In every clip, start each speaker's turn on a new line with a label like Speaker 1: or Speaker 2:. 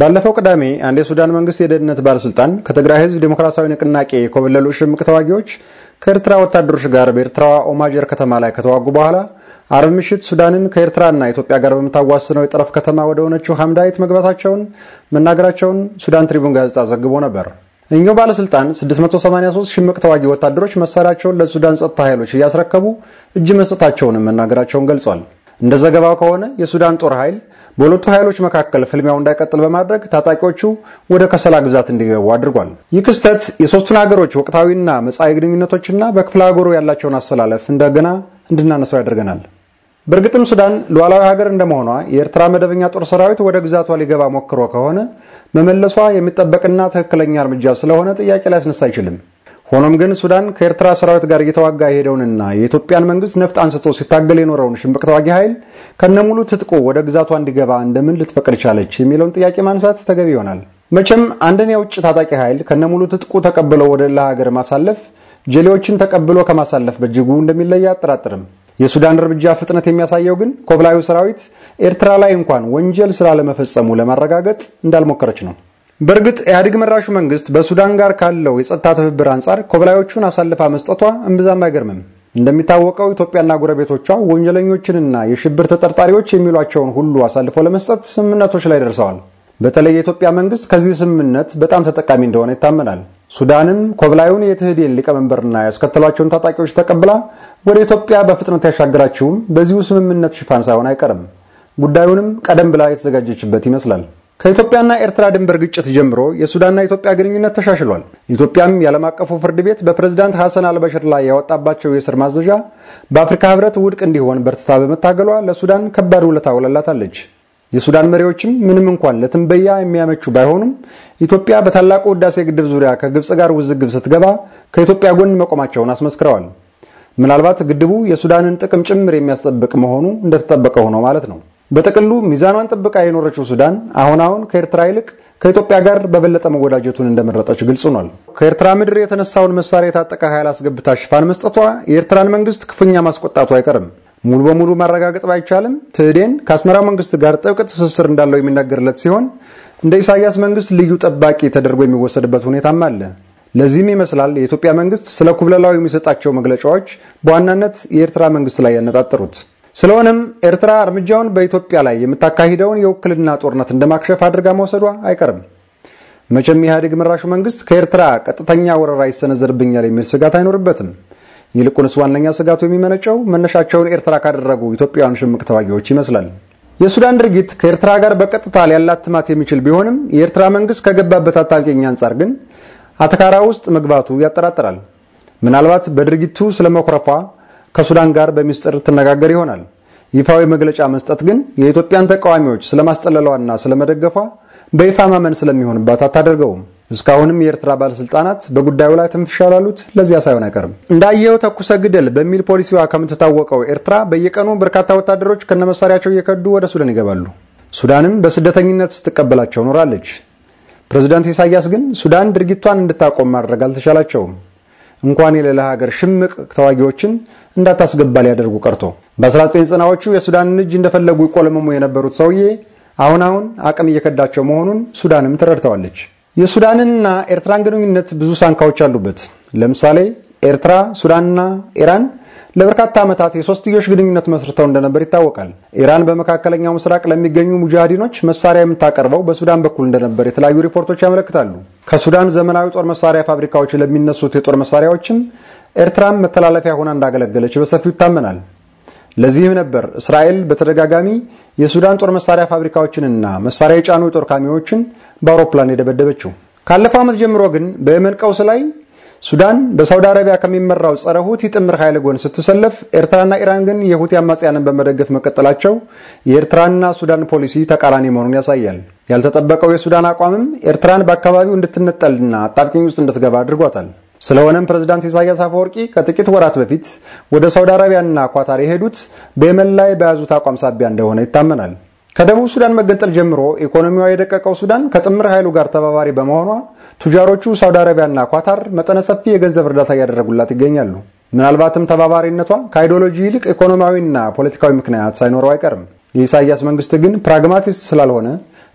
Speaker 1: ባለፈው ቅዳሜ አንድ የሱዳን መንግስት የደህንነት ባለስልጣን ከትግራይ ህዝብ ዴሞክራሲያዊ ንቅናቄ የኮበለሉ ሽምቅ ተዋጊዎች ከኤርትራ ወታደሮች ጋር በኤርትራዋ ኦማጀር ከተማ ላይ ከተዋጉ በኋላ አርብ ምሽት ሱዳንን ከኤርትራና ኢትዮጵያ ጋር በምታዋስነው የጠረፍ ከተማ ወደ ሆነችው ሐምዳይት መግባታቸውን መናገራቸውን ሱዳን ትሪቡን ጋዜጣ ዘግቦ ነበር። እኚሁ ባለስልጣን 683 ሽምቅ ተዋጊ ወታደሮች መሳሪያቸውን ለሱዳን ጸጥታ ኃይሎች እያስረከቡ እጅ መስጠታቸውንም መናገራቸውን ገልጿል። እንደ ዘገባው ከሆነ የሱዳን ጦር ኃይል በሁለቱ ኃይሎች መካከል ፍልሚያው እንዳይቀጥል በማድረግ ታጣቂዎቹ ወደ ከሰላ ግዛት እንዲገቡ አድርጓል። ይህ ክስተት የሦስቱን ሀገሮች ወቅታዊና መጻኢ ግንኙነቶችና በክፍለ ሀገሩ ያላቸውን አሰላለፍ እንደገና እንድናነሳው ያደርገናል። በእርግጥም ሱዳን ሉዓላዊ ሀገር እንደመሆኗ የኤርትራ መደበኛ ጦር ሰራዊት ወደ ግዛቷ ሊገባ ሞክሮ ከሆነ መመለሷ የሚጠበቅና ትክክለኛ እርምጃ ስለሆነ ጥያቄ ሊያስነሳ አይችልም። ሆኖም ግን ሱዳን ከኤርትራ ሰራዊት ጋር እየተዋጋ የሄደውንና የኢትዮጵያን መንግስት ነፍጥ አንስቶ ሲታገል የኖረውን ሽምቅ ተዋጊ ኃይል ከነሙሉ ትጥቁ ወደ ግዛቷ እንዲገባ እንደምን ልትፈቅድ ቻለች የሚለውን ጥያቄ ማንሳት ተገቢ ይሆናል። መቼም አንድን የውጭ ታጣቂ ኃይል ከነሙሉ ትጥቁ ተቀብሎ ወደ ሌላ ሀገር ማሳለፍ ጀሌዎችን ተቀብሎ ከማሳለፍ በእጅጉ እንደሚለይ አጠራጥርም። የሱዳን እርምጃ ፍጥነት የሚያሳየው ግን ኮብላዩ ሰራዊት ኤርትራ ላይ እንኳን ወንጀል ስላለመፈጸሙ ለማረጋገጥ እንዳልሞከረች ነው። በእርግጥ ኢህአዴግ መራሹ መንግስት በሱዳን ጋር ካለው የጸጥታ ትብብር አንጻር ኮብላዮቹን አሳልፋ መስጠቷ እምብዛም አይገርምም። እንደሚታወቀው ኢትዮጵያና ጎረቤቶቿ ወንጀለኞችንና የሽብር ተጠርጣሪዎች የሚሏቸውን ሁሉ አሳልፎ ለመስጠት ስምምነቶች ላይ ደርሰዋል። በተለይ የኢትዮጵያ መንግስት ከዚህ ስምምነት በጣም ተጠቃሚ እንደሆነ ይታመናል። ሱዳንም ኮብላዩን የትህዴን ሊቀመንበርና ያስከተሏቸውን ታጣቂዎች ተቀብላ ወደ ኢትዮጵያ በፍጥነት ያሻገራችውም በዚሁ ስምምነት ሽፋን ሳይሆን አይቀርም። ጉዳዩንም ቀደም ብላ የተዘጋጀችበት ይመስላል። ከኢትዮጵያና ኤርትራ ድንበር ግጭት ጀምሮ የሱዳንና ኢትዮጵያ ግንኙነት ተሻሽሏል። ኢትዮጵያም የዓለም አቀፉ ፍርድ ቤት በፕሬዝዳንት ሐሰን አልበሽር ላይ ያወጣባቸው የእስር ማዘዣ በአፍሪካ ህብረት ውድቅ እንዲሆን በርትታ በመታገሏ ለሱዳን ከባድ ውለታ ውላላታለች። የሱዳን መሪዎችም ምንም እንኳን ለትንበያ የሚያመቹ ባይሆኑም ኢትዮጵያ በታላቁ ህዳሴ ግድብ ዙሪያ ከግብፅ ጋር ውዝግብ ስትገባ ከኢትዮጵያ ጎን መቆማቸውን አስመስክረዋል። ምናልባት ግድቡ የሱዳንን ጥቅም ጭምር የሚያስጠብቅ መሆኑ እንደተጠበቀ ሆኖ ማለት ነው። በጥቅሉ ሚዛኗን ጥብቃ የኖረችው ሱዳን አሁን አሁን ከኤርትራ ይልቅ ከኢትዮጵያ ጋር በበለጠ መወዳጀቱን እንደመረጠች ግልጽ ሆኗል። ከኤርትራ ምድር የተነሳውን መሳሪያ የታጠቀ ኃይል አስገብታ ሽፋን መስጠቷ የኤርትራን መንግስት ክፉኛ ማስቆጣቱ አይቀርም። ሙሉ በሙሉ ማረጋገጥ ባይቻልም ትህዴን ከአስመራው መንግስት ጋር ጥብቅ ትስስር እንዳለው የሚነገርለት ሲሆን እንደ ኢሳያስ መንግስት ልዩ ጠባቂ ተደርጎ የሚወሰድበት ሁኔታም አለ። ለዚህም ይመስላል የኢትዮጵያ መንግስት ስለ ኩብለላው የሚሰጣቸው መግለጫዎች በዋናነት የኤርትራ መንግስት ላይ ያነጣጠሩት። ስለሆነም ኤርትራ እርምጃውን በኢትዮጵያ ላይ የምታካሂደውን የውክልና ጦርነት እንደማክሸፍ አድርጋ መውሰዷ አይቀርም። መቼም ኢህአዴግ መራሹ መንግስት ከኤርትራ ቀጥተኛ ወረራ ይሰነዘርብኛል የሚል ስጋት አይኖርበትም። ይልቁንስ ዋነኛ ስጋቱ የሚመነጨው መነሻቸውን ኤርትራ ካደረጉ ኢትዮጵያውያን ሽምቅ ተዋጊዎች ይመስላል። የሱዳን ድርጊት ከኤርትራ ጋር በቀጥታ ሊያላትማት የሚችል ቢሆንም የኤርትራ መንግስት ከገባበት አጣብቂኝ አንጻር ግን አተካራ ውስጥ መግባቱ ያጠራጥራል። ምናልባት በድርጊቱ ስለመኩረፏ ከሱዳን ጋር በሚስጥር ትነጋገር ይሆናል። ይፋዊ መግለጫ መስጠት ግን የኢትዮጵያን ተቃዋሚዎች ስለማስጠለሏና ስለመደገፏ በይፋ ማመን ስለሚሆንባት አታደርገውም። እስካሁንም የኤርትራ ባለስልጣናት በጉዳዩ ላይ ትንፍሽ ላሉት ለዚያ ሳይሆን አይቀርም። እንዳየው ተኩሰ ግደል በሚል ፖሊሲዋ ከምትታወቀው ኤርትራ በየቀኑ በርካታ ወታደሮች ከነመሳሪያቸው እየከዱ ወደ ሱዳን ይገባሉ። ሱዳንም በስደተኝነት ስትቀበላቸው ኖራለች። ፕሬዚዳንት ኢሳያስ ግን ሱዳን ድርጊቷን እንድታቆም ማድረግ አልተቻላቸውም። እንኳን የሌላ ሀገር ሽምቅ ተዋጊዎችን እንዳታስገባ ሊያደርጉ ቀርቶ በ1990ዎቹ የሱዳንን እጅ እንደፈለጉ ይቆለመሙ የነበሩት ሰውዬ አሁን አሁን አቅም እየከዳቸው መሆኑን ሱዳንም ተረድተዋለች። የሱዳንና ኤርትራን ግንኙነት ብዙ ሳንካዎች አሉበት። ለምሳሌ ኤርትራ፣ ሱዳንና ኢራን ለበርካታ ዓመታት የሶስትዮሽ ግንኙነት መስርተው እንደነበር ይታወቃል። ኢራን በመካከለኛው ምስራቅ ለሚገኙ ሙጃሃዲኖች መሳሪያ የምታቀርበው በሱዳን በኩል እንደነበር የተለያዩ ሪፖርቶች ያመለክታሉ። ከሱዳን ዘመናዊ ጦር መሳሪያ ፋብሪካዎች ለሚነሱት የጦር መሳሪያዎችም ኤርትራም መተላለፊያ ሆና እንዳገለገለች በሰፊው ይታመናል። ለዚህም ነበር እስራኤል በተደጋጋሚ የሱዳን ጦር መሳሪያ ፋብሪካዎችንና መሳሪያ የጫኑ የጦር ካሚዎችን በአውሮፕላን የደበደበችው። ካለፈው ዓመት ጀምሮ ግን በየመን ቀውስ ላይ ሱዳን በሳውዲ አረቢያ ከሚመራው ጸረ ሁቲ ጥምር ኃይል ጎን ስትሰለፍ ኤርትራና ኢራን ግን የሁቲ አማጽያንን በመደገፍ መቀጠላቸው የኤርትራና ሱዳን ፖሊሲ ተቃራኒ መሆኑን ያሳያል። ያልተጠበቀው የሱዳን አቋምም ኤርትራን በአካባቢው እንድትነጠልና አጣብቂኝ ውስጥ እንድትገባ አድርጓታል። ስለሆነም ፕሬዝዳንት ኢሳያስ አፈወርቂ ከጥቂት ወራት በፊት ወደ ሳውዲ አረቢያና ኳታር የሄዱት በየመን ላይ በያዙት አቋም ሳቢያ እንደሆነ ይታመናል። ከደቡብ ሱዳን መገንጠል ጀምሮ ኢኮኖሚዋ የደቀቀው ሱዳን ከጥምር ኃይሉ ጋር ተባባሪ በመሆኗ ቱጃሮቹ ሳውዲ አረቢያና ኳታር መጠነ ሰፊ የገንዘብ እርዳታ እያደረጉላት ይገኛሉ። ምናልባትም ተባባሪነቷ ከአይዲዮሎጂ ይልቅ ኢኮኖሚያዊና ፖለቲካዊ ምክንያት ሳይኖረው አይቀርም። የኢሳያስ መንግስት ግን ፕራግማቲስት ስላልሆነ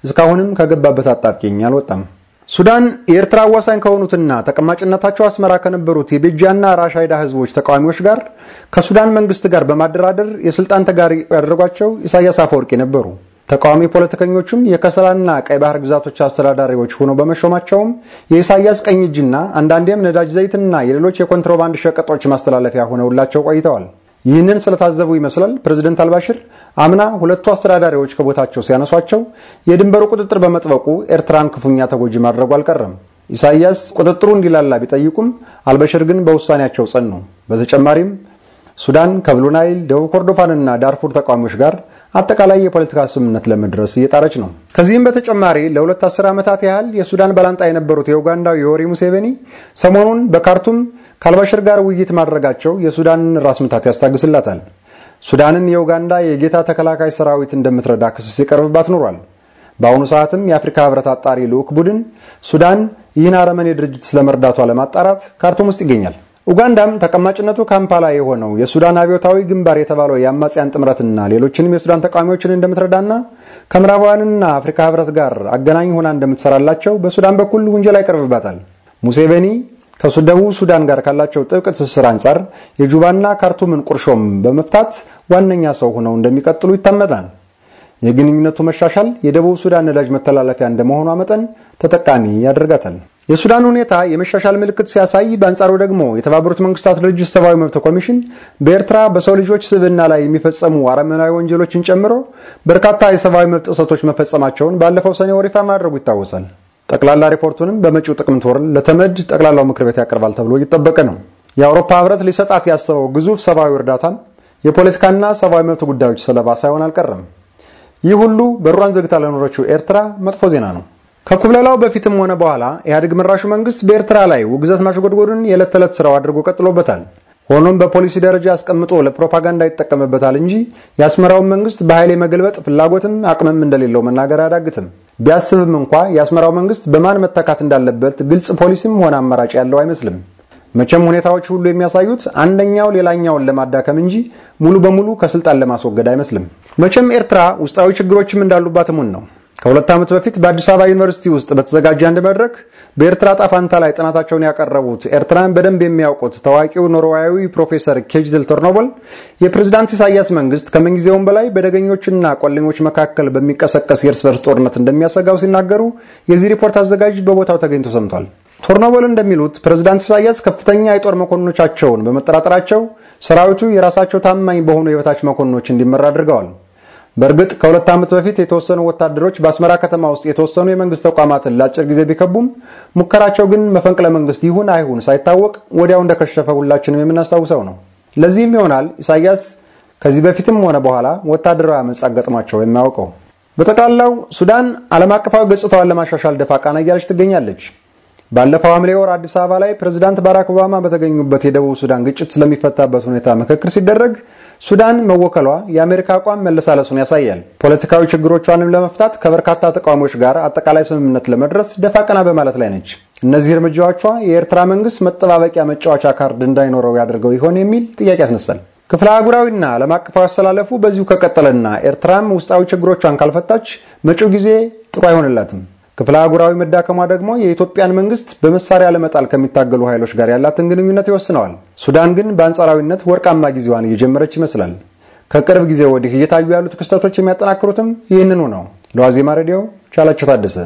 Speaker 1: እስካሁንም ከገባበት አጣብቂኝ አልወጣም። ሱዳን የኤርትራ አዋሳኝ ከሆኑትና ተቀማጭነታቸው አስመራ ከነበሩት የቤጃና ራሻይዳ ህዝቦች ተቃዋሚዎች ጋር ከሱዳን መንግስት ጋር በማደራደር የስልጣን ተጋሪ ያደረጓቸው ኢሳያስ አፈወርቂ ነበሩ። ተቃዋሚ ፖለቲከኞቹም የከሰላና ቀይ ባህር ግዛቶች አስተዳዳሪዎች ሆነው በመሾማቸውም የኢሳያስ ቀኝ እጅና አንዳንዴም ነዳጅ ዘይትና የሌሎች የኮንትሮባንድ ሸቀጦች ማስተላለፊያ ሆነውላቸው ቆይተዋል። ይህንን ስለታዘቡ ይመስላል ፕሬዚደንት አልባሽር አምና ሁለቱ አስተዳዳሪዎች ከቦታቸው ሲያነሷቸው የድንበሩ ቁጥጥር በመጥበቁ ኤርትራን ክፉኛ ተጎጂ ማድረጉ አልቀረም። ኢሳያስ ቁጥጥሩ እንዲላላ ቢጠይቁም አልበሽር ግን በውሳኔያቸው ጸኑ። በተጨማሪም ሱዳን ከብሉናይል፣ ደቡብ ኮርዶፋንና ዳርፉር ተቃዋሚዎች ጋር አጠቃላይ የፖለቲካ ስምምነት ለመድረስ እየጣረች ነው። ከዚህም በተጨማሪ ለሁለት አስር ዓመታት ያህል የሱዳን ባላንጣ የነበሩት የኡጋንዳው ዮዌሪ ሙሴቬኒ ሰሞኑን በካርቱም ካልባሽር ጋር ውይይት ማድረጋቸው የሱዳንን ራስ ምታት ያስታግስላታል። ሱዳንን የኡጋንዳ የጌታ ተከላካይ ሰራዊት እንደምትረዳ ክስ ሲቀርብባት ኑሯል። በአሁኑ ሰዓትም የአፍሪካ ህብረት አጣሪ ልዑክ ቡድን ሱዳን ይህን አረመኔ ድርጅት ስለመርዳቷ ለማጣራት ካርቱም ውስጥ ይገኛል። ኡጋንዳም ተቀማጭነቱ ካምፓላ የሆነው የሱዳን አብዮታዊ ግንባር የተባለው የአማጽያን ጥምረትና ሌሎችንም የሱዳን ተቃዋሚዎችን እንደምትረዳና ከምዕራባውያንና አፍሪካ ህብረት ጋር አገናኝ ሆና እንደምትሰራላቸው በሱዳን በኩል ውንጀላ ይቀርብባታል። ሙሴቬኒ ከደቡብ ሱዳን ጋር ካላቸው ጥብቅ ትስስር አንጻር የጁባና ካርቱምን ቁርሾም በመፍታት ዋነኛ ሰው ሆነው እንደሚቀጥሉ ይታመናል። የግንኙነቱ መሻሻል የደቡብ ሱዳን ነዳጅ መተላለፊያ እንደመሆኗ መጠን ተጠቃሚ ያደርጋታል። የሱዳን ሁኔታ የመሻሻል ምልክት ሲያሳይ፣ በአንጻሩ ደግሞ የተባበሩት መንግስታት ድርጅት ሰብአዊ መብት ኮሚሽን በኤርትራ በሰው ልጆች ስብዕና ላይ የሚፈጸሙ አረመናዊ ወንጀሎችን ጨምሮ በርካታ የሰብአዊ መብት ጥሰቶች መፈጸማቸውን ባለፈው ሰኔ ወር ይፋ ማድረጉ ይታወሳል። ጠቅላላ ሪፖርቱንም በመጪው ጥቅምት ወር ለተመድ ጠቅላላው ምክር ቤት ያቀርባል ተብሎ እየጠበቀ ነው። የአውሮፓ ህብረት ሊሰጣት ያሰበው ግዙፍ ሰብአዊ እርዳታም የፖለቲካና ሰብአዊ መብት ጉዳዮች ሰለባ ሳይሆን አልቀረም። ይህ ሁሉ በሯን ዘግታ ለኖረችው ኤርትራ መጥፎ ዜና ነው። ከኩብለላው በፊትም ሆነ በኋላ ኢህአዴግ መራሹ መንግስት በኤርትራ ላይ ውግዘት ማሽጎድጎድን የዕለት ተዕለት ስራው አድርጎ ቀጥሎበታል። ሆኖም በፖሊሲ ደረጃ አስቀምጦ ለፕሮፓጋንዳ ይጠቀምበታል እንጂ የአስመራውን መንግስት በኃይል የመገልበጥ ፍላጎትም አቅምም እንደሌለው መናገር አያዳግትም። ቢያስብም እንኳ የአስመራው መንግስት በማን መተካት እንዳለበት ግልጽ ፖሊሲም ሆነ አማራጭ ያለው አይመስልም። መቼም ሁኔታዎች ሁሉ የሚያሳዩት አንደኛው ሌላኛውን ለማዳከም እንጂ ሙሉ በሙሉ ከስልጣን ለማስወገድ አይመስልም። መቼም ኤርትራ ውስጣዊ ችግሮችም እንዳሉባት እሙን ነው። ከሁለት ዓመት በፊት በአዲስ አበባ ዩኒቨርሲቲ ውስጥ በተዘጋጀ አንድ መድረክ በኤርትራ ጣፋንታ ላይ ጥናታቸውን ያቀረቡት ኤርትራን በደንብ የሚያውቁት ታዋቂው ኖርዌያዊ ፕሮፌሰር ኬጅል ቶርኖቦል የፕሬዝዳንት ኢሳያስ መንግስት ከምንጊዜውም በላይ በደገኞችና ቆለኞች መካከል በሚቀሰቀስ የእርስ በርስ ጦርነት እንደሚያሰጋው ሲናገሩ የዚህ ሪፖርት አዘጋጅ በቦታው ተገኝቶ ሰምቷል። ቶርኖቦል እንደሚሉት ፕሬዝዳንት ኢሳያስ ከፍተኛ የጦር መኮንኖቻቸውን በመጠራጠራቸው ሰራዊቱ የራሳቸው ታማኝ በሆኑ የበታች መኮንኖች እንዲመራ አድርገዋል። በእርግጥ ከሁለት ዓመት በፊት የተወሰኑ ወታደሮች በአስመራ ከተማ ውስጥ የተወሰኑ የመንግስት ተቋማትን ለአጭር ጊዜ ቢከቡም ሙከራቸው ግን መፈንቅለ መንግስት ይሁን አይሁን ሳይታወቅ ወዲያው እንደከሸፈ ሁላችንም የምናስታውሰው ነው። ለዚህም ይሆናል ኢሳያስ ከዚህ በፊትም ሆነ በኋላ ወታደራዊ አመፅ አጋጥሟቸው የማያውቀው። በጠቅላላው ሱዳን ዓለም አቀፋዊ ገጽታዋን ለማሻሻል ደፋ ቀና እያለች ትገኛለች። ባለፈው ሐምሌ ወር አዲስ አበባ ላይ ፕሬዝዳንት ባራክ ኦባማ በተገኙበት የደቡብ ሱዳን ግጭት ስለሚፈታበት ሁኔታ ምክክር ሲደረግ ሱዳን መወከሏ የአሜሪካ አቋም መለሳለሱን ያሳያል። ፖለቲካዊ ችግሮቿንም ለመፍታት ከበርካታ ተቃዋሚዎች ጋር አጠቃላይ ስምምነት ለመድረስ ደፋ ቀና በማለት ላይ ነች። እነዚህ እርምጃዎቿ የኤርትራ መንግስት መጠባበቂያ መጫወቻ ካርድ እንዳይኖረው ያደርገው ይሆን የሚል ጥያቄ ያስነሳል። ክፍለ አህጉራዊና ዓለም አቀፋዊ አስተላለፉ በዚሁ ከቀጠለና ኤርትራም ውስጣዊ ችግሮቿን ካልፈታች መጪው ጊዜ ጥሩ አይሆንላትም። ክፍለ አህጉራዊ መዳከሟ ደግሞ የኢትዮጵያን መንግስት በመሳሪያ ለመጣል ከሚታገሉ ኃይሎች ጋር ያላትን ግንኙነት ይወስነዋል። ሱዳን ግን በአንጻራዊነት ወርቃማ ጊዜዋን እየጀመረች ይመስላል። ከቅርብ ጊዜ ወዲህ እየታዩ ያሉት ክስተቶች የሚያጠናክሩትም ይህንኑ ነው። ለዋዜማ ሬዲዮ ቻላቸው ታደሰ